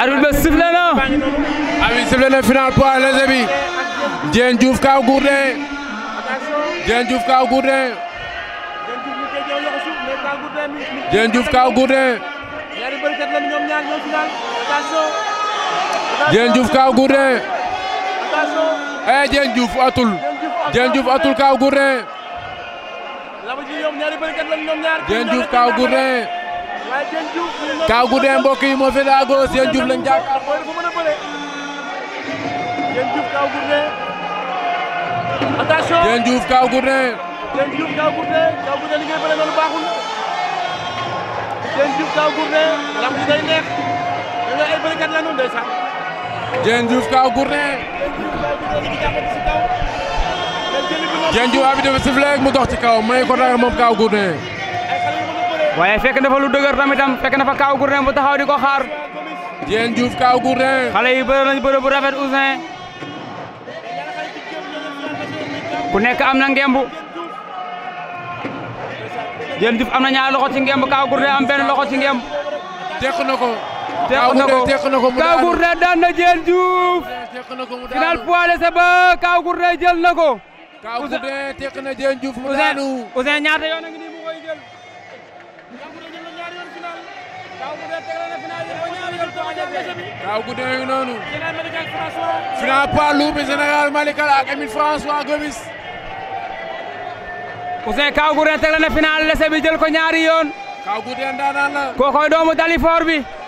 arbitre bi sifflé na arbitre sifflé na final poids léger bi Diène Diouf Kaw Gourdin Diène Diouf Kaw Gourdin Diène Diouf Kaw Gourdin Diène Diouf Kaw Gourdin eh Diène Diouf atul Diène Diouf atul Kaw Gourdin Kaw Gourdin mbokk yi moo fi la gos Yéen Diouf lañ jàpp attention Yéen Diouf Kaw Gourdin Yéen Diouf Kaw Gourdin Kaw Gourdin li ngay bëre noonu baaxul Yéen Diouf Kaw Gourdin lam bi day neex dañoo ay bërekat la ñu ndeysaan Yéen Diouf Kaw Gourdin Yéen Diouf abi dafa sifle mu dox ci kaw may ko dara moom Kaw Gourdin waaye fekk na fa lu dëgër tamitam fekk na fa Kaaw Gourdin bu taxaw di ko xaar. Diène Diouf Kaaw yi bëre nañu bëre bu rafet Ouzin. ku nekk am na ngembu. Diène Diouf am na ñaari loxo ci ngemb Kaaw Gourdin am benn loxo ci ngemb. teq na ko. teq na ko daan na Diène Diouf. final poids léger ba Kaaw Gourdin jël na ko. Kaaw Gourdin ñaata yoon Kaw Gourdin a ngi noonu. Final poids lourd bi général Malika ak Émile François Gomis. Ousseyn Kaw Gourdin teg na final lese ko ñaari yoon. Kaw Gourdin daanaan la. doomu Dalifor